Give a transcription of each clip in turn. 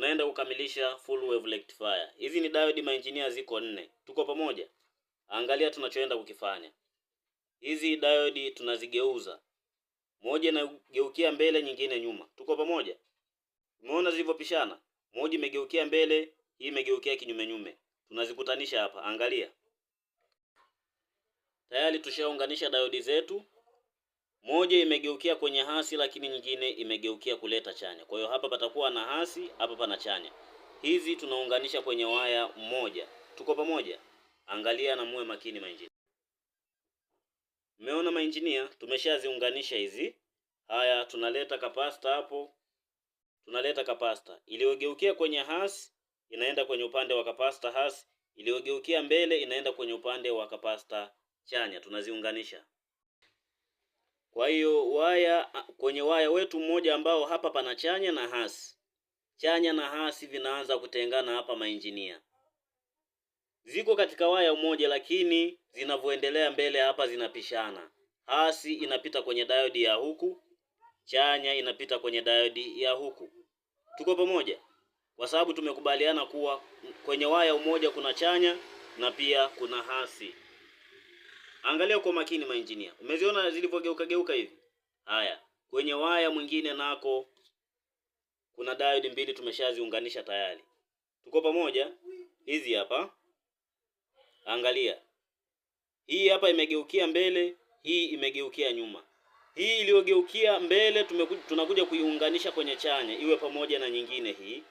tunaenda kukamilisha full wave rectifier. Hizi ni diode maengineer, ziko nne. Tuko pamoja? Angalia tunachoenda kukifanya. Hizi diode tunazigeuza, moja inageukia mbele, nyingine nyuma. Tuko pamoja? Umeona zilivyopishana? Moja imegeukia mbele, hii imegeukia kinyume nyume. Tunazikutanisha hapa, angalia. Tayari tushaunganisha diode zetu moja imegeukia kwenye hasi, lakini nyingine imegeukia kuleta chanya. Kwa hiyo hapa patakuwa na hasi, hapa pana chanya. Hizi tunaunganisha kwenye waya mmoja. Tuko pamoja? Angalia na muwe makini mainjinia. Mmeona mainjinia, tumeshaziunganisha hizi. Haya, tunaleta kapasta hapo, tunaleta kapasta iliyogeukia kwenye hasi inaenda kwenye upande wa kapasta hasi, iliyogeukia mbele inaenda kwenye upande wa kapasta chanya, tunaziunganisha. Kwa hiyo waya kwenye waya wetu mmoja ambao hapa pana chanya na hasi, chanya na hasi vinaanza kutengana hapa, mainjinia, ziko katika waya mmoja, lakini zinavyoendelea mbele hapa zinapishana. Hasi inapita kwenye diode ya huku, chanya inapita kwenye diode ya huku. Tuko pamoja? Kwa sababu tumekubaliana kuwa kwenye waya umoja kuna chanya na pia kuna hasi. Angalia kwa makini maengineer, umeziona zilivyogeuka geuka hivi? Haya, kwenye waya mwingine nako kuna diode mbili tumeshaziunganisha tayari. Tuko pamoja? Hizi hapa, angalia hii hapa imegeukia mbele, hii imegeukia nyuma. Hii iliyogeukia mbele tunakuja kuiunganisha kwenye chanya iwe pamoja na nyingine hii,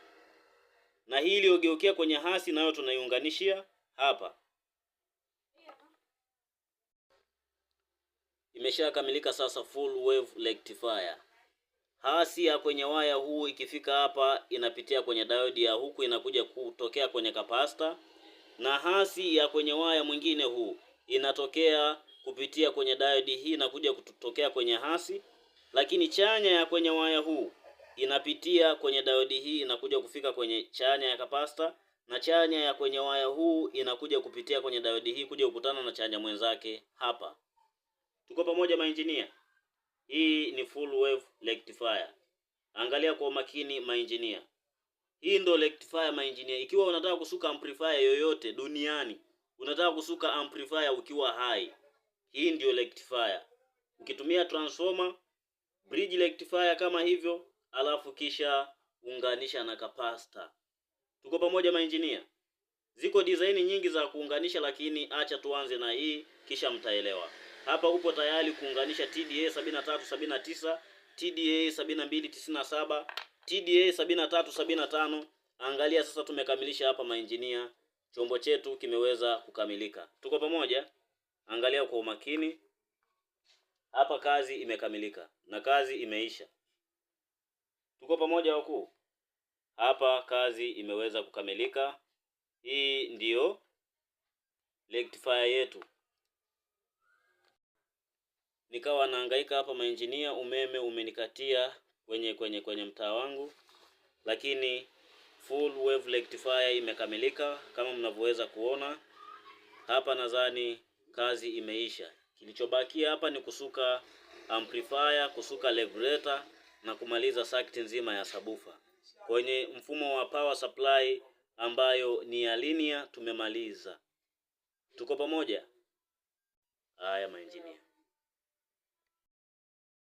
na hii iliyogeukia kwenye hasi nayo tunaiunganishia hapa. imeshakamilika sasa, full wave rectifier. Hasi ya kwenye waya huu ikifika hapa inapitia kwenye diode ya huku inakuja kutokea kwenye kapasta, na hasi ya kwenye waya mwingine huu inatokea kupitia kwenye diode hii inakuja kutokea kwenye hasi, lakini chanya ya kwenye waya huu inapitia kwenye diode hii inakuja kufika kwenye chanya ya kapasta, na chanya ya kwenye waya huu inakuja kupitia kwenye diode hii kuja kukutana na chanya mwenzake hapa. Tuko pamoja mainjinia. Hii ni full wave rectifier. Angalia kwa umakini maenjinia Hii ndo rectifier mainjinia. Ikiwa unataka kusuka amplifier yoyote duniani, unataka kusuka amplifier ukiwa hai, hii ndio rectifier. Ukitumia transformer, bridge rectifier kama hivyo, alafu kisha unganisha na capacitor. Tuko pamoja maenjinia Ziko design nyingi za kuunganisha, lakini acha tuanze na hii, kisha mtaelewa. Hapa upo tayari kuunganisha TDA tisa TDA saba TDA tano Angalia sasa tumekamilisha hapa mainjinia, chombo chetu kimeweza kukamilika. Tuko pamoja? Angalia kwa umakini. Hapa kazi imekamilika na kazi imeisha. Tuko pamoja wakuu? Hapa kazi imeweza kukamilika. Hii ndiyo rectifier yetu nikawa naangaika hapa maenjinia umeme umenikatia kwenye kwenye kwenye mtaa wangu, lakini full wave rectifier imekamilika kama mnavyoweza kuona hapa. Nadhani kazi imeisha. Kilichobakia hapa ni kusuka amplifier, kusuka regulator na kumaliza circuit nzima ya sabufa. Kwenye mfumo wa power supply ambayo ni ya linear tumemaliza. Tuko pamoja. Haya maengineer.